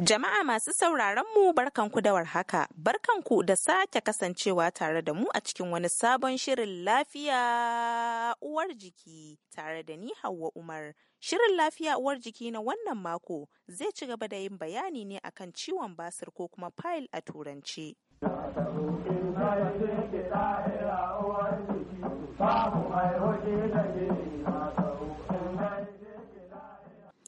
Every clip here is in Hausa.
Jama'a masu sauraron mu barkanku da warhaka, barkanku da sake kasancewa tare da mu a cikin wani sabon shirin lafiya uwar jiki tare da ni Hauwa Umar. Shirin lafiya uwar jiki na wannan mako zai ci gaba da yin bayani ne akan ciwon basir ko kuma pile a turanci.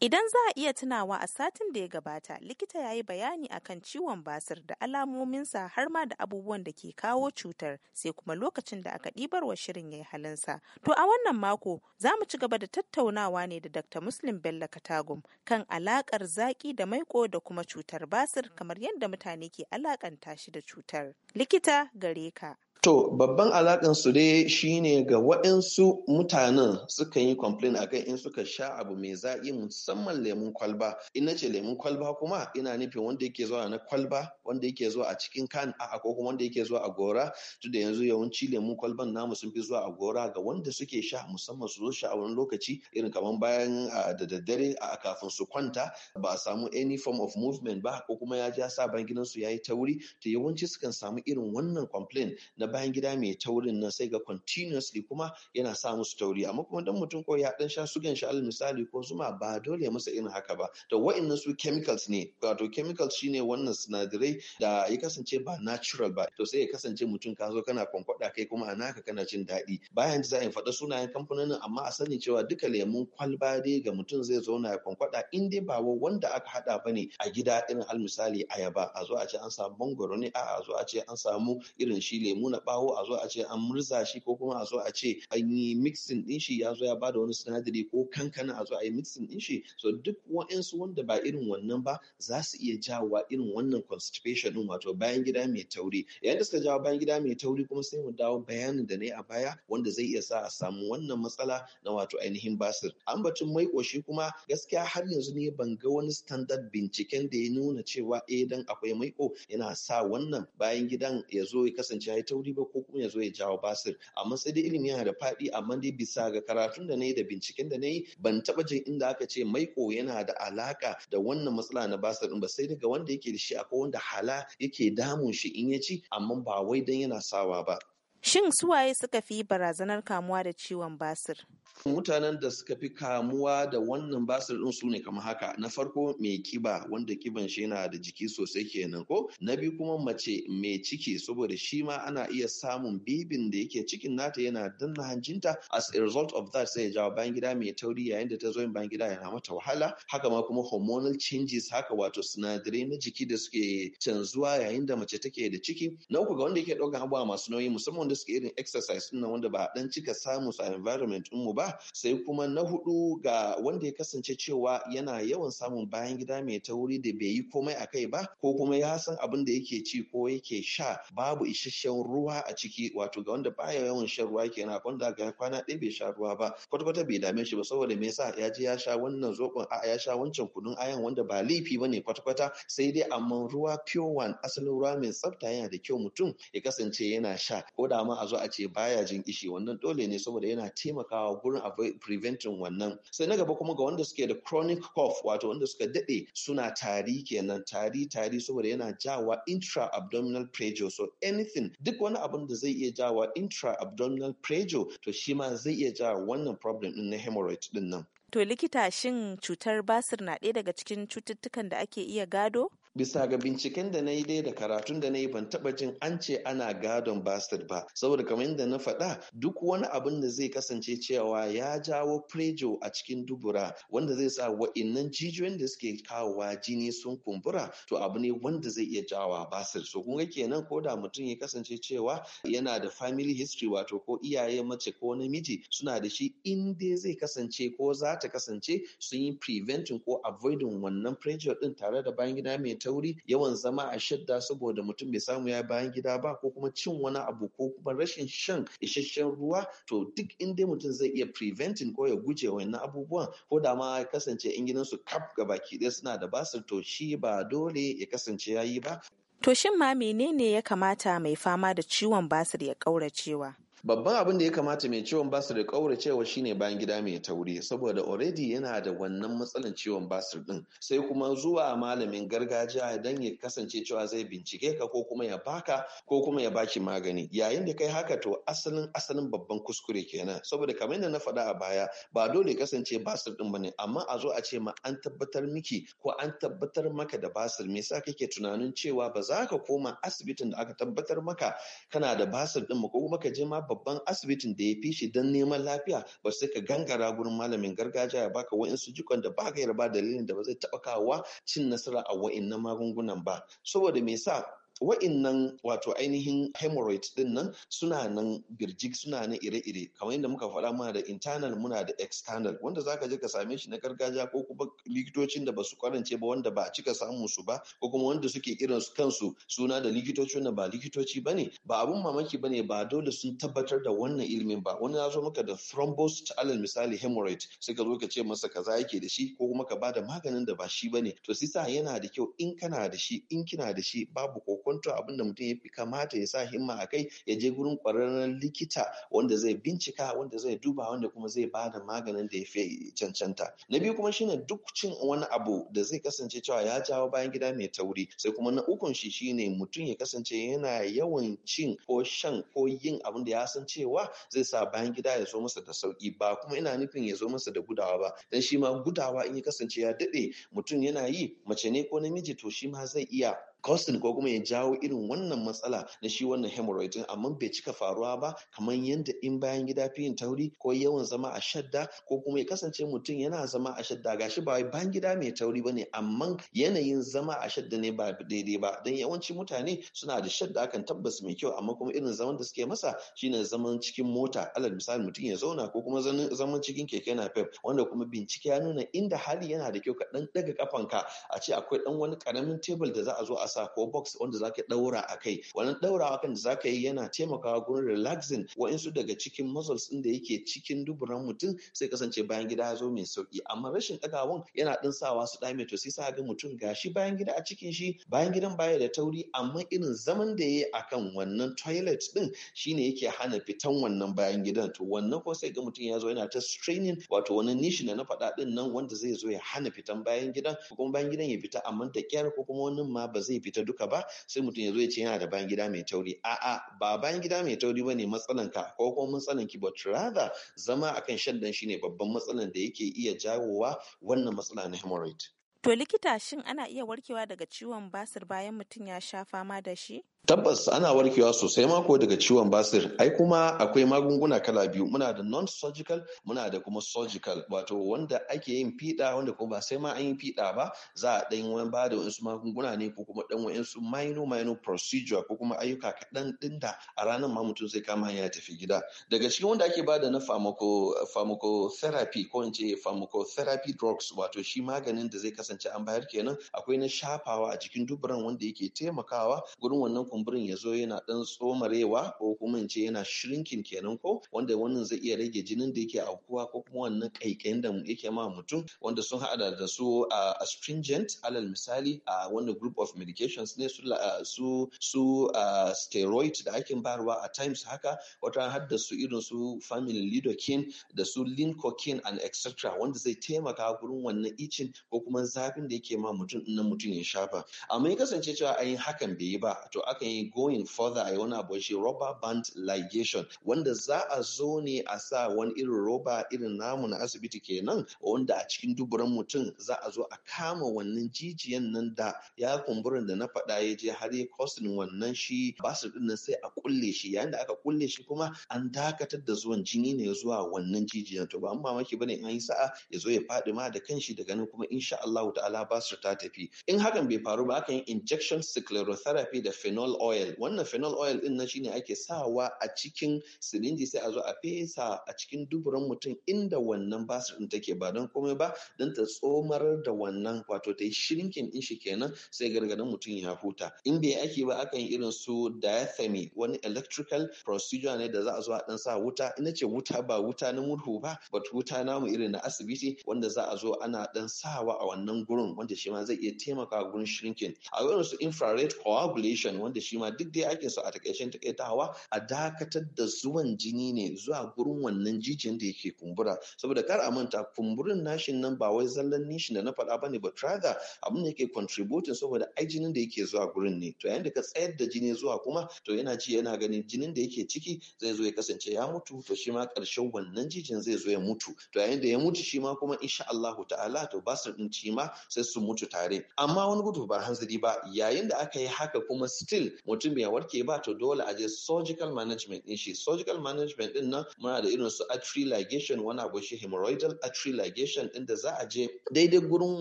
Idan za a iya tunawa a satin da ya gabata, likita ya yi bayani akan ciwon basir da alamominsa har ma da abubuwan da ke kawo cutar, sai kuma lokacin da aka ɗibar wa shirin ya yi halinsa. To a wannan mako, za mu ci gaba da tattaunawa ne da Dr. Muslim Bello Katagum kan alaƙar zaƙi da maiƙo da kuma cutar basir kamar yadda mutane ke alaƙanta shi da cutar. Likita gare ka. To babban alakan su dai shine ga waɗansu mutanen suka yi complain a kan in suka sha abu mai zaƙi musamman lemun kwalba. In na ce lemun kwalba kuma ina nufin wanda yake zuwa na kwalba, wanda yake zuwa a cikin kan a ko kuma wanda yake zuwa a gora. Tunda yanzu yawanci lemun kwalban namu sun fi zuwa a gora ga wanda suke sha musamman su zo sha a wani lokaci irin kamar bayan da daddare a kafin su kwanta ba a samu any form of movement ba ko kuma ya ja sa ban gidansu ya yi tauri. To yawanci sukan samu irin wannan complain na bayan gida mai taurin nan sai ga continuously kuma yana sa musu tauri amma kuma dan mutum ko ya dan sha sugan shi alal misali ko zuma ba dole masa irin haka ba to wa'annan su chemicals ne wato chemicals shine wannan sinadarai da ya kasance ba natural ba to sai ya kasance mutum ka zo kana kwankwada kai kuma a naka kana jin daɗi bayan za a faɗa sunayen kamfanonin amma a sani cewa duka lemun kwalba dai ga mutum zai zauna ya kwankwada in dai ba wanda aka haɗa ba ne a gida irin misali ayaba a zo a ce an samu mangoro ne a a zo a ce an samu irin shi lemu na bawo a zo a ce an murza shi ko kuma a zo a ce an yi mixin din shi ya zo ya bada wani sinadari ko kankana a zo a yi mixin din shi so duk wa'ansu wanda ba irin wannan ba za su iya jawowa irin wannan constipation din wato bayan gida mai tauri yayin da suka jawo bayan gida mai tauri kuma sai mu dawo bayanin da na a baya wanda zai iya sa a samu wannan matsala na wato ainihin basir an batun mai koshi kuma gaskiya har yanzu ne ban ga wani standard binciken da ya nuna cewa eh dan akwai maiko yana sa wannan bayan gidan ya zo ya kasance ya tauri ba ko kuma ya zo ya jawo basir amma sai dai ilimi yana da faɗi amma dai bisa ga karatun da na yi da binciken da na yi ban taɓa jin inda aka ce maiko yana da alaka da wannan matsala na basir ɗin ba sai daga wanda yake da shi akwai wanda hala yake damun shi in ya ci amma ba wai dan yana sawa ba Shin suwaye suka fi barazanar kamuwa da ciwon basir? Mutanen da suka fi kamuwa da wannan basir din su ne kamar haka. Na farko mai kiba wanda kiban shi yana da jiki sosai kenan ko? Na biyu kuma mace mai ciki saboda shi ma ana iya samun bibin da yake cikin nata yana danna hanjinta as a result of that sai jawo bayan gida mai tauri yayin da ta zo bayan gida yana mata wahala. Haka ma kuma hormonal changes haka wato sinadarai na jiki da suke canzuwa yayin da mace take da ciki. Na uku ga wanda yake ɗaukan abubuwa masu nauyi musamman wanda suke irin exercise ɗin wanda ba dan cika samu sa environment ɗin mu ba sai kuma na hudu ga wanda ya kasance cewa yana yawan samun bayan gida mai tauri da bai yi komai a kai ba ko kuma ya san abin da yake ci ko yake sha babu isasshen ruwa a ciki wato ga wanda baya yawan shan ruwa kenan wanda ga kwana ɗaya bai sha ruwa ba kwata-kwata bai dame shi ba saboda me yasa ya je ya sha wannan zokon a ya sha wancan kudin ayan wanda ba laifi bane kwata-kwata sai dai amma ruwa pure one asalin ruwa mai tsafta yana da kyau mutum ya kasance yana sha ko da dama a zo a ce baya jin kishi wannan dole ne saboda yana taimakawa gurin a preventing wannan sai na gaba kuma ga wanda suke da chronic cough wato wanda suka daɗe suna tari kenan tari tari saboda yana jawa intra abdominal pressure so anything duk wani abin da zai iya jawa intra abdominal pressure to shi ma zai iya jawa wannan problem din na hemorrhoid din nan To likita shin cutar basir na ɗaya daga cikin cututtukan da ake iya gado? bisa ga binciken da na yi dai da karatun da na yi ban taba jin an ce ana gadon bastard ba saboda kamar yadda na faɗa duk wani abin da zai kasance cewa ya jawo prejo a cikin dubura wanda zai sa wa'innan jijiyoyin da suke kawowa jini sun kumbura to abu ne wanda zai iya jawa bastard so kun ga kenan ko da mutum ya kasance cewa yana da family history wato ko iyaye mace ko namiji suna da shi in dai zai kasance ko za ta kasance sun yi preventing ko avoiding wannan prejo din tare da bayan gida mai tauri yawan zama a shadda saboda mutum bai samu ya bayan gida ba ko kuma cin wani abu ko kuma rashin shan isasshen ruwa to duk inda mutum zai iya preventing ko ya guje wannan abubuwan ko da ma ya kasance in gidan gidansu kaf baki ɗaya suna da basir to shi ba dole ya kasance ya yi ba. To shin ma menene ya kamata mai fama da ciwon basir ya ƙauracewa? babban abin da ya kamata mai ciwon basir da cewa shine bayan gida mai tauri saboda already yana da wannan matsalan ciwon basir din sai kuma zuwa malamin gargajiya don ya kasance cewa zai bincike ka ko kuma ya baka ko kuma ya baki magani yayin da kai haka to asalin asalin babban kuskure kenan saboda kamar yadda na faɗa a baya ba dole kasance basir din bane amma a zo a ce ma an tabbatar miki ko an tabbatar maka da basir me yasa kake tunanin cewa ba za ka koma asibitin da aka tabbatar maka kana da basir din ko kuma ka je ma babban asibitin da ya fi shi don neman lafiya ba sai ka gangara gurin malamin gargajiya ya baka wa'insu jikon da ba ka yarba dalilin da ba zai taɓa kawo cin nasara a wa'in na magungunan ba saboda me sa. wa'innan wato ainihin hemorrhoids din nan suna nan birjik suna nan ire-ire kamar yadda muka faɗa muna da internal muna da external wanda zaka je ka same shi na gargajiya ko kuma likitocin da basu kwarance ba wanda ba a cika samun su ba ko kuma wanda suke irin su kansu suna da likitoci wanda ba likitoci bane ba abun mamaki bane ba dole sun tabbatar da wannan ilimin ba wani ya zo maka da thrombus alal misali hemorrhoid sai ka zo ka ce masa kaza yake da shi ko kuma ka da maganin da ba shi ba ne. to sisa yana da kyau in kana da shi in kina da shi babu kokon kwanto abin da mutum ya fi kamata ya sa himma a kai ya je gurin kwararren likita wanda zai bincika wanda zai duba wanda kuma zai ba da maganin da ya fi cancanta na biyu kuma shine duk cin wani abu da zai kasance cewa ya jawo bayan gida mai tauri sai kuma na ukun shi shine mutum ya kasance yana yawan cin ko shan ko yin abin da ya san cewa zai sa bayan gida ya zo masa da sauki ba kuma ina nufin ya zo masa da gudawa ba dan shi ma gudawa in ya kasance ya daɗe mutum yana yi mace ne ko namiji to shi ma zai iya Costin ko kuma ya jawo irin wannan matsala na shi wannan hemorrhoid amma bai cika faruwa ba kamar yadda in bayan gida fi yin tauri ko yawan zama a shadda ko kuma ya kasance mutum yana zama a shadda gashi ba wai bayan gida mai tauri ba ne amma yanayin zama a shadda ne ba daidai ba don yawanci mutane suna da shadda kan tabbas mai kyau amma kuma irin zaman da suke masa shine zaman cikin mota alal misali mutum ya zauna ko kuma zaman cikin keke napep wanda kuma bincike ya nuna inda hali yana da kyau ka dan daga kafanka a ce akwai dan wani karamin tebul da za a zo a sa ko box wanda zaka daura a kai wannan daurawa kan da ka yi yana taimakawa gurin relaxing wa'insu daga cikin muscles ɗin da yake cikin duburan mutum sai kasance bayan gida ya zo mai sauki amma rashin ɗagawan yana ɗin sawa su ɗame to sai sa ga mutum gashi bayan gida a cikin shi bayan gidan baya da tauri amma irin zaman da ya yi a kan wannan toilet ɗin shine yake hana fitan wannan bayan gidan to wannan ko sai ga mutum ya zo yana ta straining wato wannan nishi na na faɗa ɗin nan wanda zai zo ya hana fitan bayan gidan ko kuma bayan gidan ya fita amma da kyar ko kuma wannan ma ba zai fita duka ba sai mutum ya zo ya ce yana da bayan gida mai tauri a'a ba bayan gida mai tauri bane matsalan ka ko kuma matsalan ki but rather zama akan shaddan shine babban matsalan da yake iya jawowa wannan matsala na hemorrhoid To likita shin ana iya warkewa daga ciwon basir bayan mutum ya sha fama da shi? Tabbas ana warkewa sosai mako daga ciwon basir. Ai kuma akwai magunguna kala biyu. Muna da non-surgical, muna da kuma surgical. Wato wanda ake yin fiɗa wanda kuma ba sai ma an yi fiɗa ba, za a ɗan yi ba da wasu magunguna ne ko kuma ɗan wasu minor minor procedure ko kuma ayyuka kaɗan ɗin da a ranar ma mutum zai kama hanya tafi gida. Daga cikin wanda ake ba da na pharmacotherapy ko in ce pharmacotherapy drugs wato shi maganin da zai kasance kasance an bayar kenan akwai na shafawa a jikin duburan wanda yake taimakawa gurin wannan kumburin ya zo yana dan tsomarewa ko kuma in ce yana shrinkin kenan ko wanda wannan zai iya rage jinin da yake aukuwa ko kuma wannan kaikayin da yake ma mutum wanda sun haɗa da su a astringent alal misali a wannan group of medications ne su su su steroid da ake bayarwa a times haka wata har da su irin su family lidocaine da su lincocaine and etc wanda zai taimaka gurin wannan icin ko kuma za. zafin da yake ma mutum nan mutum ya shafa amma ya kasance cewa ayin hakan bai yi ba to akan yi going further a yi wani abu shi rubber band ligation wanda za a zo ne a sa wani irin roba irin namu na asibiti kenan wanda a cikin duburan mutum za a zo a kama wannan jijiyan nan da ya kumburin da na faɗa ya je har ya kosin wannan shi basu din nan sai a kulle shi yayin da aka kulle shi kuma an dakatar da zuwan jini ne zuwa wannan jijiyan to ba mamaki bane in an yi sa'a ya zo ya faɗi ma da kanshi daga nan kuma insha Allah subhanahu ta'ala ba ta tafi in hakan bai faru ba aka yi injection sclerotherapy da phenol oil wannan phenol oil din nan shine ake sawa a cikin sirinji sai a zo a fesa a cikin duburan mutum inda wannan basir din take ba don komai ba don ta tsomar da wannan wato ta yi shirinkin din shi kenan sai gargadan mutum ya huta in bai aiki ba aka yi irin su diathermy wani electrical procedure ne da za a zo a dan sa wuta ina ce wuta ba wuta na murhu ba but wuta namu irin na asibiti wanda za a zo ana dan sawa a wannan gurin wanda shi ma zai iya taimaka gurin shrinking a wurin su infrared coagulation wanda shi ma duk dai ake so a takaicen takaitawa a dakatar da zuwan jini ne zuwa gurin wannan jijin da yake kumbura saboda kar a manta kumburin nashin nan ba wai zallan nishin da na faɗa bane ba traga. abin da yake contributing saboda ai jinin da yake zuwa gurin ne to yayin da ka tsayar da jini zuwa kuma to yana ci yana ganin jinin da yake ciki zai zo ya kasance ya mutu to shi ma ƙarshen wannan jijin zai zo ya mutu to yayin da ya mutu shi ma kuma insha Allahu ta'ala to basir din ci ma sai su mutu tare amma wani gudu ba hanzari ba yayin da aka yi haka kuma still mutum ya warke ba to dole a je surgical management din shi surgical management din nan muna da irin su artery ligation wani abu shi hemorrhoidal artery ligation din da za a je daidai gurin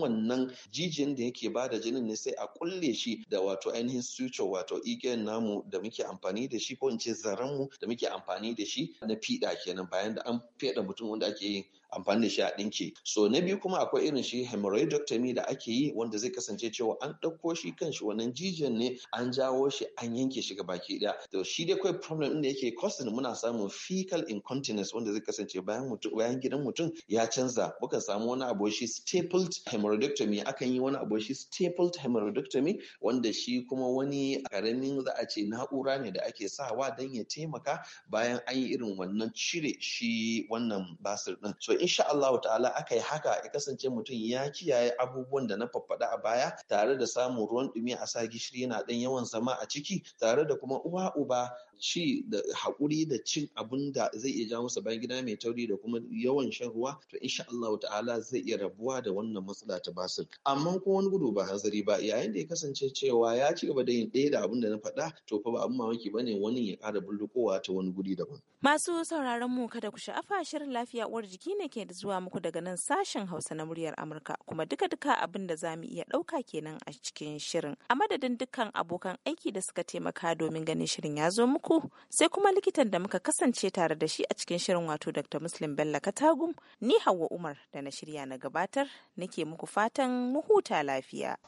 wannan jijiyan da yake ba da jinin ne sai a kulle shi da wato ainihin suture wato igiyan e namu da muke amfani da shi ko in ce zaren mu da muke amfani da shi na fiɗa kenan bayan da an fiɗa mutum wanda ake yin amfani da shi a ɗinki so na biyu kuma akwai irin shi hemorrhoidectomy gangami da ake yi wanda zai kasance cewa an ɗauko shi kanshi wannan jijiyan ne an jawo shi an yanke shi ga baki ɗaya to shi dai kawai problem ɗin da yake causing muna samun fecal incontinence wanda zai kasance bayan mutum bayan gidan mutum ya canza muka samu wani abu shi stapled hemorrhoidectomy akan yi wani abu shi stapled hemorrhoidectomy wanda shi kuma wani karamin za a ce na'ura ne da ake sawa don ya taimaka bayan an yi irin wannan cire shi wannan basir ɗin so insha Allah ta'ala aka yi haka ya kasance mutum ya kiyaye abubuwan da na faffaɗa a baya tare da samun ruwan dumi a sa gishiri yana ɗan yawan zama a ciki tare da kuma uwa uba ci da haƙuri da cin abun da zai iya jawo masa bayan gida mai tauri da kuma yawan shan ruwa to insha Allah ta'ala zai iya rabuwa da wannan matsala ta basir amma ko wani gudu ba hanzari ba yayin da ya kasance cewa ya ci gaba da yin ɗaya da abun da na faɗa to fa ba abin mamaki ba ne wani ya ƙara bullukowa ta wani guri daban masu sauraron mu kada ku sha'afa shirin lafiya uwar jiki ne ke zuwa muku daga nan sashen Hausa na muryar Amurka kuma duka-duka abin da za mu iya ɗauka kenan a cikin shirin a madadin dukkan abokan aiki da suka taimaka domin ganin shirin ya zo muku uku sai kuma likitan da muka kasance tare da shi a cikin shirin wato Dr. Muslim Bello Katagum ni Hauwa Umar da na shirya na gabatar nake muku fatan mu huta lafiya.